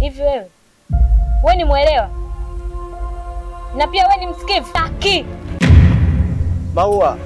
Hivi wewe we ni mwelewa na pia we ni msikivu? Taki Maua.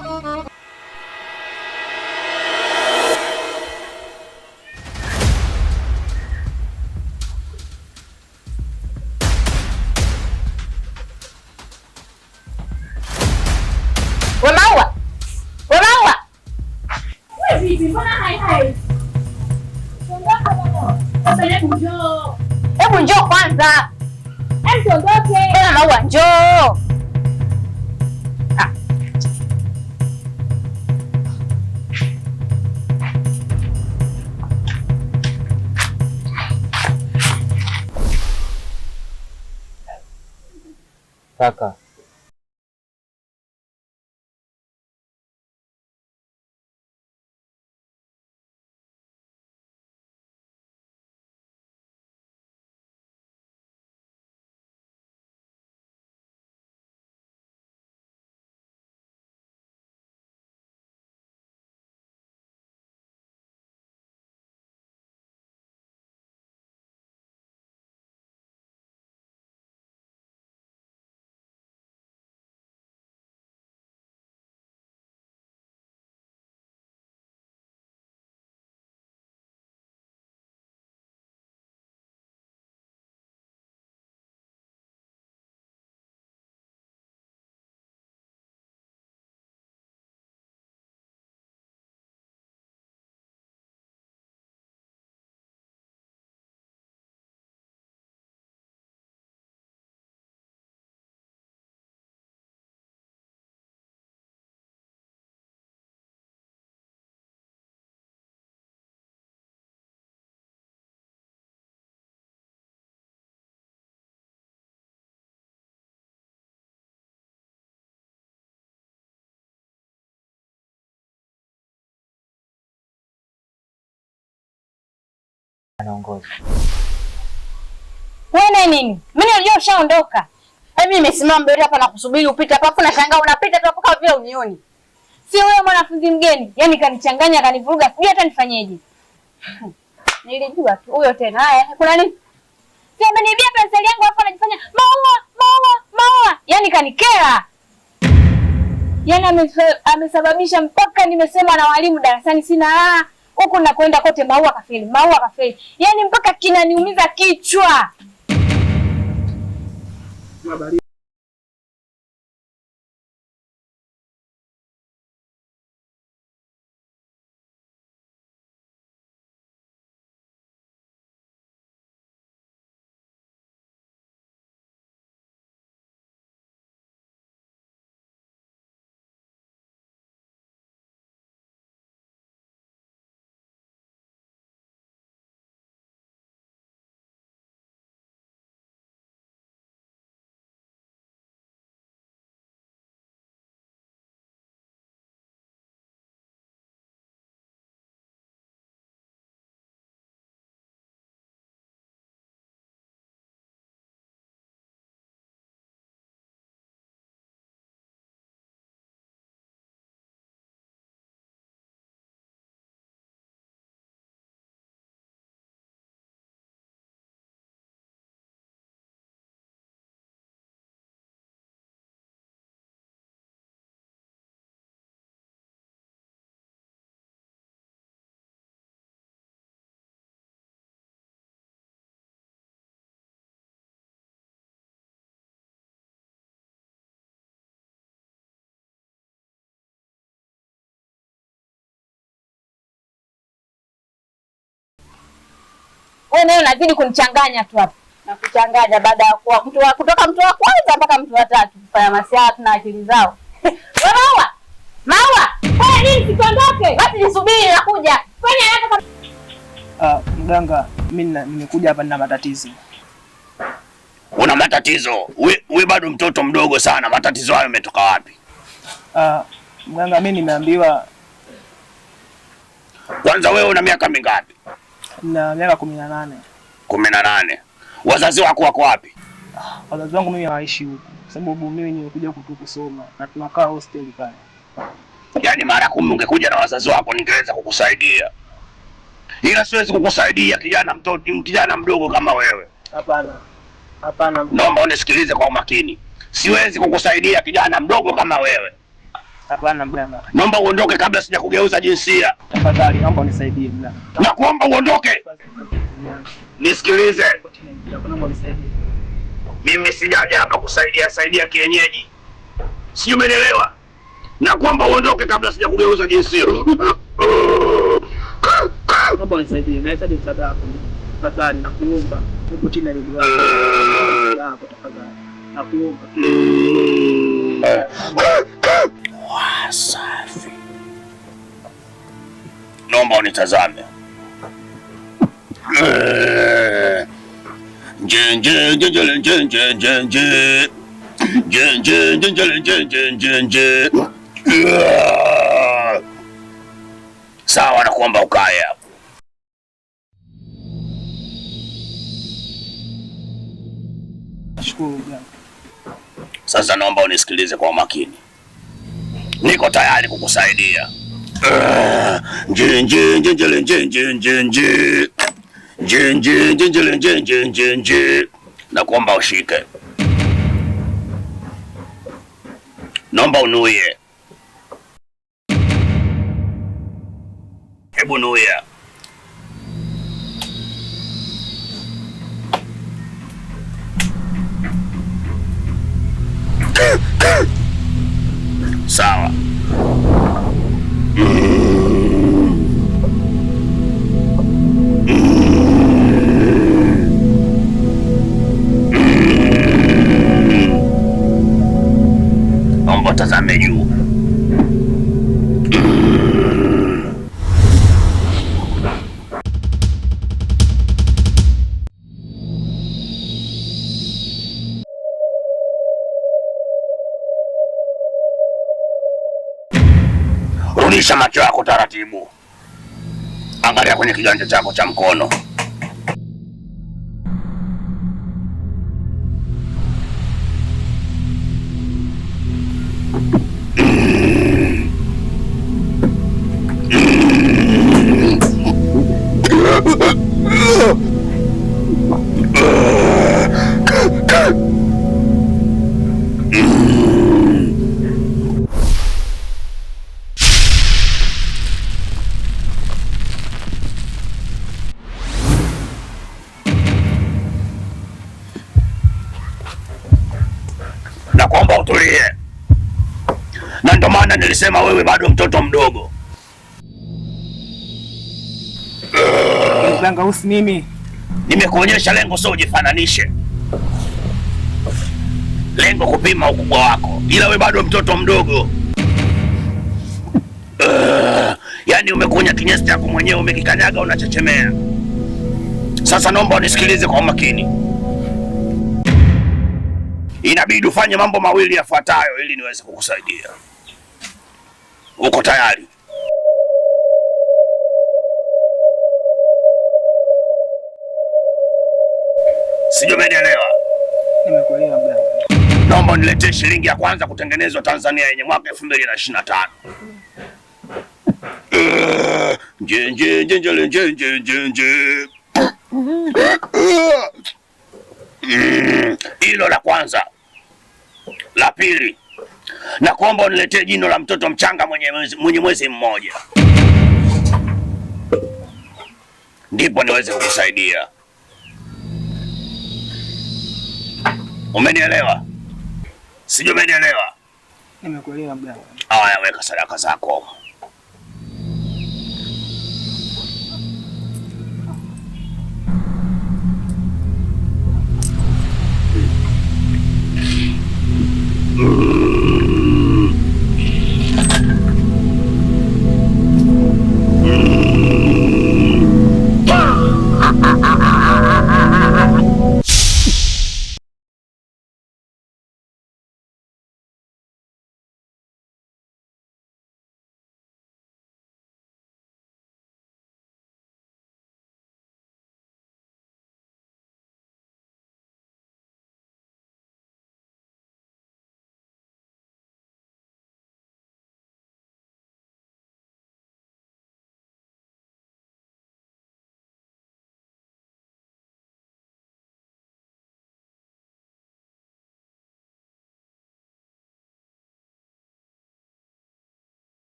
Walau à Walau à em gì thì có hai thầy Em buồn vô Em buồn vô kwanza Em tưởng cơ kìa Em là buồn vô Dhaka anaongoza. Wewe nini? Mimi najua ushaondoka. Mimi nimesimama mbele hapa na kusubiri upite hapa, afu nashangaa unapita tu hapo kama vile unioni. Si wewe mwanafunzi mgeni, yaani kanichanganya, kanivuruga, sijui hata nifanyeje. Hmm. Nilijua tu huyo tena. Haya, kuna nini? Si ameniibia penseli yangu hapo anajifanya maua, maua, maua. Yaani kanikera. Yaani amesababisha mpaka nimesema na walimu darasani sina raha huku nakwenda kote Maua kafeli, Maua kafeli, yaani mpaka kinaniumiza kichwa. wewe nayo unazidi kunichanganya tu hapa na kuchanganya, baada ya kuwa mtu wa kutoka mtu wa kwanza mpaka mtu wa tatu kufanya masiara tuna akili zao. Maua, Maua, fanya nini sitondoke? Basi nisubiri, nakuja. Fanya haraka. Ah, mganga, mimi nimekuja hapa nina matatizo. Una matatizo? Wewe bado mtoto mdogo sana, matatizo hayo umetoka wapi? Ah, mganga, mimi nimeambiwa. Kwanza wewe una miaka mingapi? na miaka kumi na nane. kumi na nane. wazazi wako wako wapi? Ah, wazazi wangu mimi hawaishi huku, sababu mimi nimekuja kutu kusoma na tunakaa hostel pale. Yaani mara kumi ungekuja na wazazi wako ningeweza kukusaidia, ila siwezi kukusaidia kijana, mtoto kijana mdogo kama wewe. Hapana, hapana, naomba unisikilize kwa umakini. Siwezi kukusaidia kijana mdogo kama wewe. Hapana bwana. Naomba uondoke kabla sijakugeuza jinsia. Tafadhali naomba unisaidie bwana. kuomba uondoke. Nisikilize. Mimi sijaja hapa kusaidia saidia kienyeji. Si umeelewa? Na kuomba uondoke kabla sijakugeuza jinsia. Naomba unisaidie. Nahitaji msaada wako. Tafadhali nakuomba. Hebu tina ndugu yako. Mm. Tafadhali. Nakuomba. Mm safi. Naomba unitazame. Sawa na kuomba ukae hapo. Sasa naomba unisikilize kwa umakini niko tayari kukusaidia. Nakuomba ushike, naomba unuye. Hebu nuya sawa mm. macho yako taratibu, angalia kwenye kiganja chako cha mkono. utulie, na ndio maana nilisema wewe bado mtoto mdogo. usi mimi nimekuonyesha lengo, sio ujifananishe. Lengo kupima ukubwa wako, ila we bado mtoto mdogo. Uh, umekunya kinyesi chako mwenyewe, umekikanyaga unachechemea. Sasa naomba unisikilize kwa makini inabidi ufanye mambo mawili yafuatayo ili niweze kukusaidia. Uko tayari? Sijui umenielewa. Nimekuelewa Naomba niletee shilingi ya kwanza kutengenezwa Tanzania yenye mwaka elfu mbili na eh, nje nje nje nje. Mm, hilo mm, la kwanza. La pili, nakuomba uniletee jino la mtoto mchanga mwenye mwezi, mwenye mwezi mmoja, ndipo niweze kukusaidia. Umenielewa? Sijui umenielewa? Nimekuelewa mganga. Haya, weka sadaka zako.